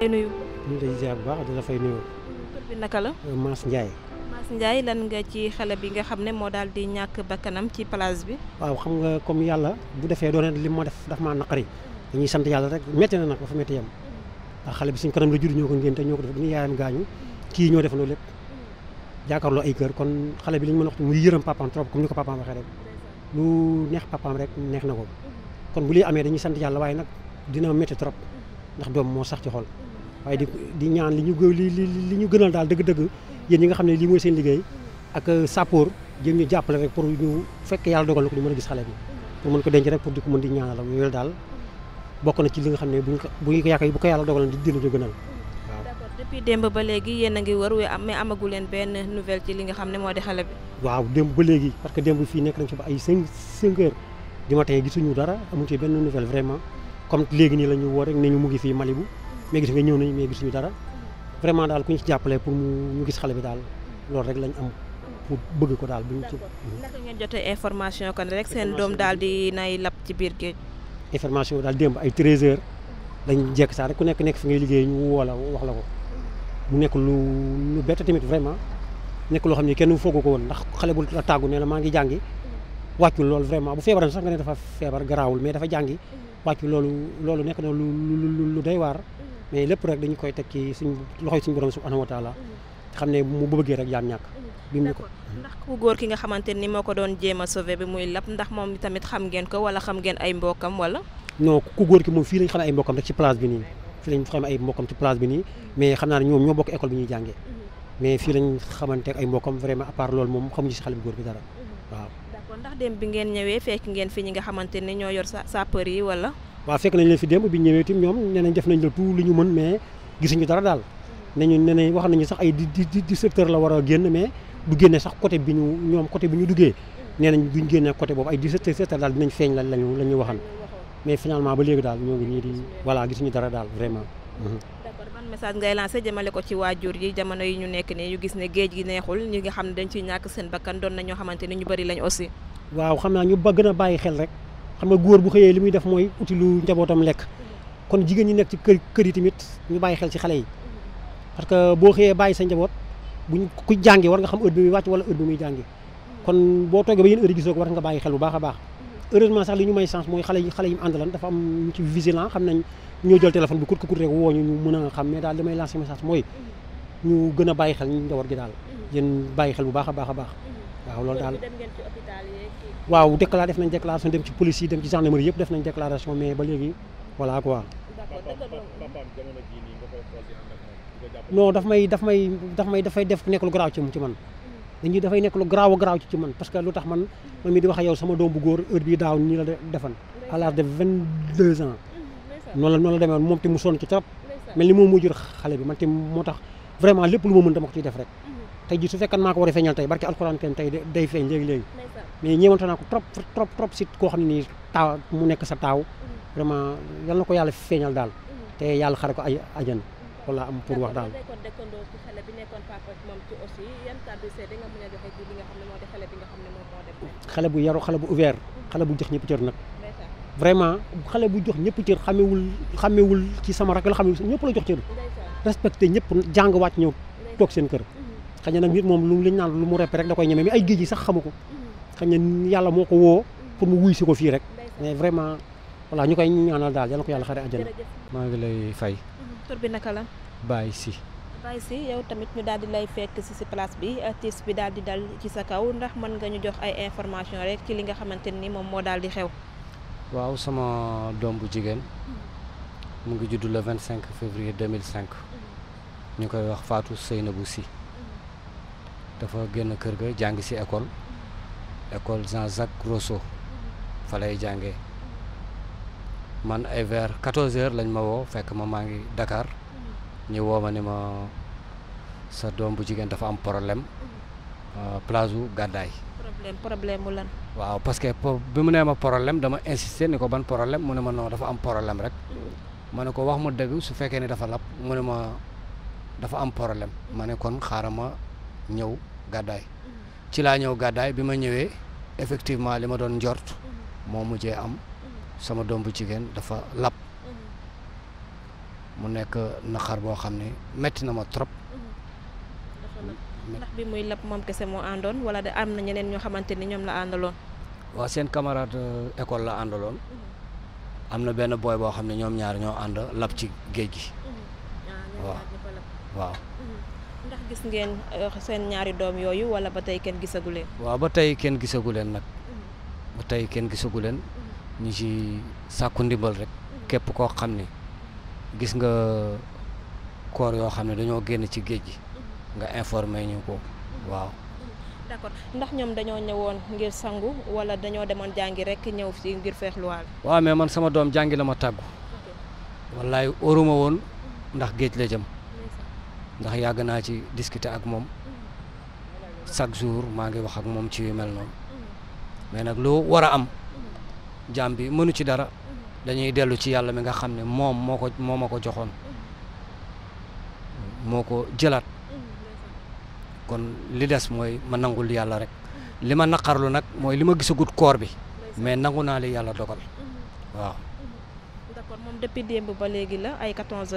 lay nuyu. ñu lay ziar bu baax di la fay nuyu. tur bi naka la. Mass Ndiaye. lan nga ci xale bi nga xam ne moo daal di ñàkk bakkanam ci place bi. waaw xam nga comme yàlla bu defee doone li moo def daf maa naqari dañuy sant yàlla rek métti na nag ba fa métti yam xale bi suñ kanam la jur ñoo ko ngénte ñoo ñu yaayam gaañu kii ñoo def loolu lépp jàkkaarloo ay kër kon xale bi li ñu mën a wax muy yërëm papaam trop comme ni ko papaam waxee rek lu neex papaam rek neex na ko kon bu liy amee dañuy sant yàlla waaye nag dina métti trop ndax doom moo sax ci xol waaye di di ñaan li ñu li li ñu gënal daal dëgg-dëgg yéen ñi nga xam ne lii mooy seen liggéey ak euh, sappoor jéem ñu jàppale rek pour ñu fekk yàlla dogal na ko ñu mën mën ko denc rek pour di ko mën di ñaanal ak yooyu daal bokk na ci li xam ne bu ñu ko bu ñu bu ko yàlla dogal di dina ñu gënal waaw. d'accord depuis démb ba léegi yéen a ngi wër mais amagu leen benn nouvelle ci li nga xam ne moo di xale bi. waaw démb ba léegi parce que démb fii nekk nañ ci ba ay cinq cinq heures du matin gisuñu dara amuñu ci benn nouvelle vraiment comme léegi nii la ñu woo rek ne ñu mu ngi fii Malibu mais gis nga ñëw nañ mais gisuñu dara vraiment daal ku ñu ci jàppale pour mu ñu gis xale bi daal loolu rek lañ am pour bëgg ko daal bu ñu ci mm-hmm. naka information kon rek seen daal di nay lab ci biir géej information daal démb ay 13 heures dañ jekk saa rek ku nekk nekk fi ngay liggéey ñu woo wax la ko mu nekk lu lu bett tamit vraiment nekk loo xam ne kenn foogu ko woon ndax xale bu la tàggu nee na maa ngi jàngi wàccul loolu vraiment bu feebaran sax ne dafa feebar garaawul mais dafa jàngi mm-hmm. wàccul loolu loolu nekk na lu lu lu day waar mais lépp rek dañu koy teg ci suñ loxoy suñu borom subhanahu wa taala te xam ne mu bëggee rek yaam ñàkk bi mu ko ndax ku góor ki nga xamante ni moo ko doon jéem a sauvé bi muy lab ndax moom tamit xam ngeen ko wala xam ngeen ay mbokkam wala non ku góor ki moom fii lañ xam ay mbokkam rek ci place bi nii fii lañ xam ay mbokkam ci place bi nii mais xam naa ne ñoom ñoo bokk école bi ñuy jàngee mhm. mais fii lañ xamante ak ay mbokkam vraiment à part loolu moom xamuñu si xale bu góor bi dara mhm. waaw d'accord ndax dem bi ngeen ñëwee fekk ngeen fi ñi nga xamante ni ñoo yor sapeur yi wala waaw fekk nañ leen fi démb bi ñëwee tim ñoom nee nañ def nañ la tu li ñu mën mais gisuñu dara daal nañu ne nañ wax nañu sax ay di di secteur la war a génn mais du génne sax côté bi ñu ñoom côté bi ñu duggee nee nañ buñ génnee côté boobu ay di secteur secteur daal dinañ feeñ la lañu la ñu waxan mais finalement ba léegi daal ñoo ngi nii di voilà gisuñu dara daal vraiment d'accord message ngay lancé jëmale ko ci waajur yi jamono yi ñu nekk nii ñu gis ne géej gi neexul ñi nga xam ne dañ ciy ñàkk seen bakkan doon na xamante ni ñu bëri lañ aussi waaw xam naa ñu ba a bàyyi xel rek xam nga góor bu xëyee li muy def mooy uti lu njabootam lekk kon jigéen ñi nekk ci kër kër yi tamit ñu bàyyi xel ci xale yi parce que boo xëyee bàyyi sa njaboot buñ ku jàngi war nga xam heure bi muy wala heure bi muy kon boo toogee ba war nga bàyyi xel bu baax a baax heureusement sax li ñu may chance mooy xale yi xale yi mu àndalan am ñu ci vigilant nañ ñoo jël téléphone bi kut ko kut rek woo ñu ñu mën a xam mais daal li may lancé message mooy ñu gën a bàyyi xel ñu njaboot gi daal yéen bàyyi xel bu baax a baax a baax waaw loolu daal waaw déclaré def nañ déclaration dem ci police yi dem ci gendarmerie yëpp def nañ déclaration mais ba léegi voilà quoi. non daf may daf may daf may dafay def nekk lu garaaw ci ci man. Mm. dañuy dafay nekk lu garaaw a garaaw ci man parce que lu tax man man mi di wax ak yow sama doom bu góor heure bii daaw nii la defan à l'âge de 22 ans. Mm, noonu la noonu la demee moom te mu sonn ci trop. mel ni moom moo jur xale bi man te moo tax vraiment lépp lu ma mën dama ko ciy def rek. tey jii su fekkan maa ko war a feeñal tey barke alxuraan kenn tey day feeñ léegi-léegi mais ñeewante naa ko trop trop trop si koo xam ne nii taaw mu nekk sa taaw mm-hmm. vraiment yal na ko yàlla feeñal daal mm-hmm. te yàlla xare ko ay ajan mm-hmm. wala am pour wax daal xale bu yaru xale bu ouvert xale bu jox ñëpp cër nag vraiment xale bu jox ñëpp cër xamewul xamewul ci sama rak la xamewul ñëpp la jox cër respecté ñëpp jàng wàcc ñëw toog seen kër xëy na nag moom lu liñ naan lu mu rep rek da koy ñeme mais ay géej yi sax xamu ko xëy na yàlla moo ko woo pour mu wuy si ko fii rek mais vraiment voilà ñu koy ñaanal daal yal na ko yàlla xare àjjana maa ngi lay fay mm-hmm. tur naka la bàyyi si si tamit ñu daal di lay fekk si si place bi euh, tiis bi daal di dal ci sa kaw ndax mën nga ñu jox ay information rek ci li nga xamante ni moom moo daal di xew waaw sama doom bu jigéen mm-hmm. mu ngi judd le 25 février 2005 mm-hmm. ñu koy wax faatu Fatou bu si dafa génn kër ga jàng si école école Jean-Jacques Rousseau fa lay jàngee man ay vers 14 lañ ma wow fekk ma maa ngi Dakar ñu woo ma ni ma sa doom bu jigéen dafa am problème mhm. euh, place u gàddaay. problème problème waaw parce que bi mu nee ma problème dama insister ni ko ban poroblème mu ne ma non dafa am poroblème rek mhm. ma ne ko wax ma dëgg su fekkee ni dafa lab mu ne ma dafa am problème ma ne kon xaaral ma ñëw gàddaay mhm. ci laa ñëw gàddaay bi ma ñëwee effectivement li ma doon njort mhm. moo mujjee am mhm. sama doom bu jigéen dafa lap mu nekk naqar boo xam ne metti na ma trop. ndax bi muy lab moom kese moo àndoon wala de am na ñeneen ñoo xamante ni ñoom la àndaloon. waaw seen camarade euh, école la àndaloon. am na benn booy boo xam ne ñoom ñaar ñoo ànd lab ci géej gi. Ah, waaw. ndax gis ngeen euh, seen ñaari doom yooyu wala ba tey kenn gisagu leen. waaw ba tey kenn gisagu leen nag mm-hmm. ba tey kenn gisagu leen mm-hmm. ñu ci sàkku ndimbal rek mm-hmm. képp koo xam ne gis nga koor yoo xam ne dañoo génn ci géej gi nga informe ñu ko waaw. d'accord ndax ñoom dañoo ñëwoon ngir sangu wala dañoo demoon jàngi rek ñëw fii ngir feexluwaal. waaw mais man sama doom jàngi la ma tàggu. wallaay óoruma woon ndax géej la jëm. ndax yàgg naa ci discuité ak moom chaque jour maa ngi wax ak moom ci yu mel noonu mais nag lu war a am jaam bi mënu ci dara dañuy dellu ci yàlla mi nga xam ne moom moo ko moo ma ko joxoon moo ko jëlaat kon li des mooy ma nangul yàlla rek li ma naqarlu nag mooy li ma gisagut koor bi mais nangu naa li yàlla dogal waaw. ay 14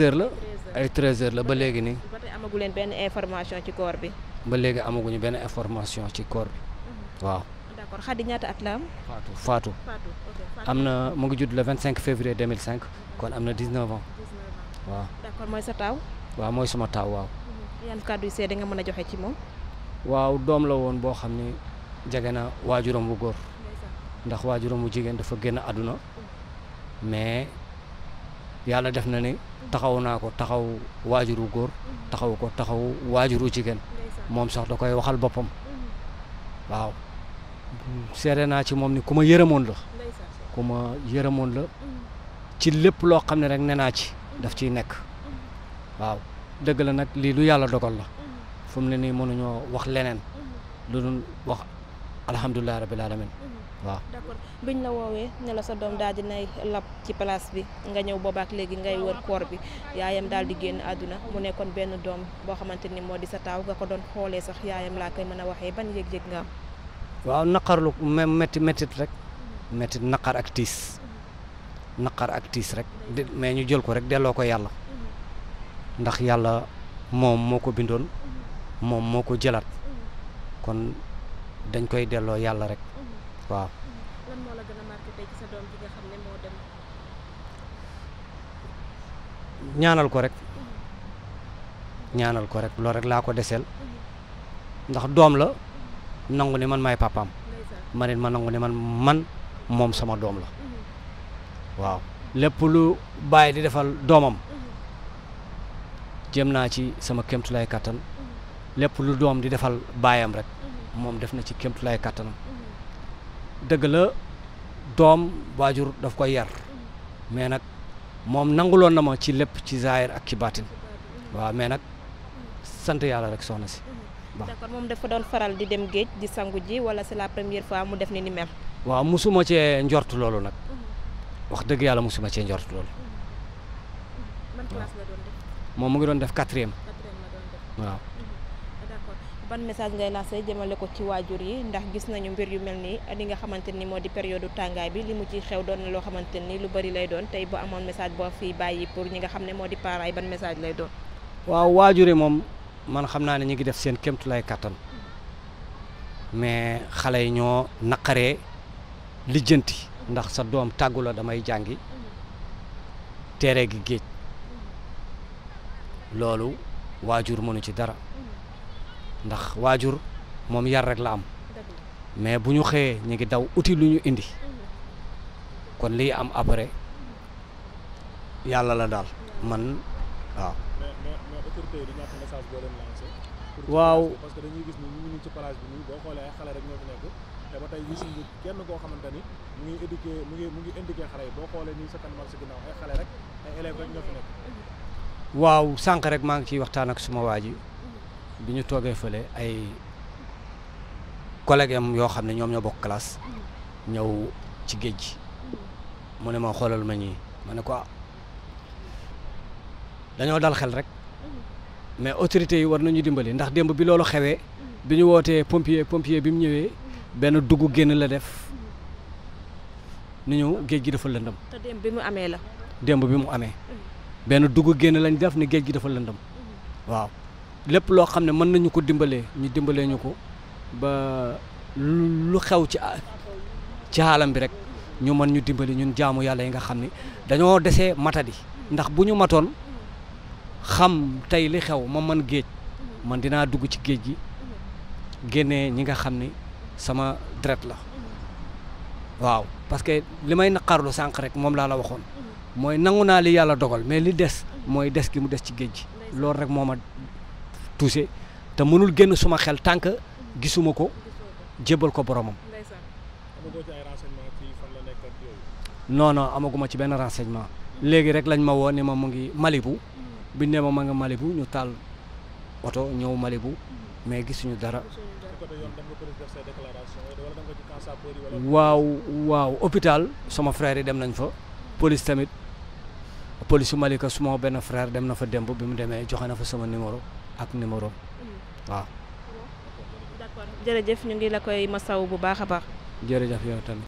heures la. ay treize heures la ba léegi nii. ba leen benn information ci koor bi. ba léegi amaguñu benn information ci koor bi mhm. waaw. d'accord Khady ñaata at la am. Fatou Fatou. am na mu ngi judd la vingt cinq février deux mille cinq mhm. kon am na dix neuf ans. waaw sa taaw. waaw mooy sama taaw waaw. Mhm. kàddu yu seede nga mën a joxe ci moom. waaw doom la woon boo xam ni jege na waajuram bu góor. ndax waajuram bu jigéen dafa génn àdduna mais. yàlla def na ni taxaw naa ko taxaw waajuru góor taxaw ko taxaw waajuru jigéen moom sax da koy waxal boppam mm-hmm. waaw seere naa ci moom ni ku ma yërëmoon la ku ma yërëmoon la mm-hmm. ci lépp loo xam ne rek ne naa ci mm-hmm. daf ciy nekk waaw dëgg la nag lii lu yàlla dogal la fu mu ne nii mënuñoo wax leneen lu dul wax alhamdulilah rabbil alamin waaw d'accord biñ la woowee ne la sa doom daal di dinay lab ci place bi nga ñëw boobaak léegi ngay wër koor bi yaayam daal di génn àdduna mu nekkoon benn doom boo xamante ni moo di sa taaw nga ko doon xoolee sax yaayam laa koy mën a waxee ban yëg-yëg nga am waaw naqarlu métti méttit rek méttit naqar ak tiis rek mais ñu jël ko rek delloo ko yàlla ndax yàlla moom moo ko bindoon moom moo ko jëlaat kon dañ koy delloo yàlla rek waaw. ñaanal ko rek mm-hmm. ñaanal ko rek loolu rek laa ko deseel mm-hmm. ndax doom la nangu ne man maay papaam ma ne ma nangu ne man man moom sama doom la mm-hmm. waaw lépp lu bàyyi di defal doomam jëm naa ci sama kéemtulaay kattan lépp lu doom di defal baayam rek moom def na ci kéemtulaay kattanam. dëgg la doom waajur daf koy yar mais nag moom nanguloon na ma ci lépp ci zaahir ak ci baatin waaw mais nag sant yàlla rek soxna si. d'accord moom dafa doon faral di dem géej di sangu ji wala c'est la première fois mu def ni ni mel. waaw mosuma cee njort loolu nag wax dëgg yàlla mosuma cee njort loolu. man moom mu ngi doon def quatrième. quatrième waaw. ban message ngay lancé jëmale ko ci waajur yi ndax gis nañu mbir yu mel nii li nga xamante ni moo di période tàngaay bi li mu ci xew doon loo xamante ni lu bari doon tey bu amoon message boo fi bàyyi pour nga xam ne di parents yi ban message lay waaw waajur yi moom man xam naa ne ñu ngi def seen kéemtulaay kàttan mais xale yi ñoo naqaree lijjanti ndax sa doom tàggu damay jàngi teere gi géej loolu waajur mënu ci dara. ndax waajur moom yar rek la am mais bu ñu xëyee ñu ngi daw uti lu ñu indi kon lii am après yàlla la daal man waaw. waaw parce que dañuy gis ni ñu ngi ci plage bi nii boo xoolee ay xale rek ñoo fi nekk te ba tey gisuñu kenn koo xamante ni mu ngi éduqué xale yi boo xoolee nii sa kanam si ginnaaw ay xale rek ay élèves ñoo fi nekk. waaw sànq rek maa ngi ciy waxtaan ak suma waa ji bi ñu toogee fële ay collègue yoo xam ne ñoom ñoo bokk classe ñëw ci géej gi mu ne ma xoolal ma ñii ma ne ko ah, dañoo dal xel rek mais autorités yi war nañu dimbali ndax démb bi loolu xewee bi ñu wootee pompier pompier bi mu ñëwee benn dugg génn la def ni ñu géej gi dafa lëndëm. te démb bi mu amee la. démb bi mu amee benn dugg génn lañ def ni géej gi dafa lëndëm mm-hmm. waaw. lépp loo xam ne mën nañu ko dimbalee ñu dimbalee ñu ko ba lu xew ci ci xaalam bi rek ñu mën ñu dimbali ñun jaamu yàlla yi nga xam ni dañoo desee matadi ndax bu ñu matoon xam tey li xew ma man géej man dinaa dugg ci géej gi génnee ñi nga xam ni sama deret la waaw parce que li may naqarlu sànq rek moom laa la waxoon mooy nangu naa li yàlla dogal mais li des mooy des gi mu des ci géej gi loolu rek moo ma touché te mënul génn suma xel tant que gisuma ko jébbal ko boromam. non non amaguma ci benn renseignement. léegi rek lañ ma woo ne ma mu ngi Malibu biñ ne ma ma mali bu ñu taal oto ñëw Malibu mais gisuñu dara. waaw waaw hôpital sama frair yi dem nañ fa police tamit police su Malika suma benn frère dem na fa démb bi mu demee joxe na fa sama numéro. ak numéro mm. waaw. d'accord jërëjëf ñu ngi la koy masaw bu baax a baax. jërëjëf yow tamit.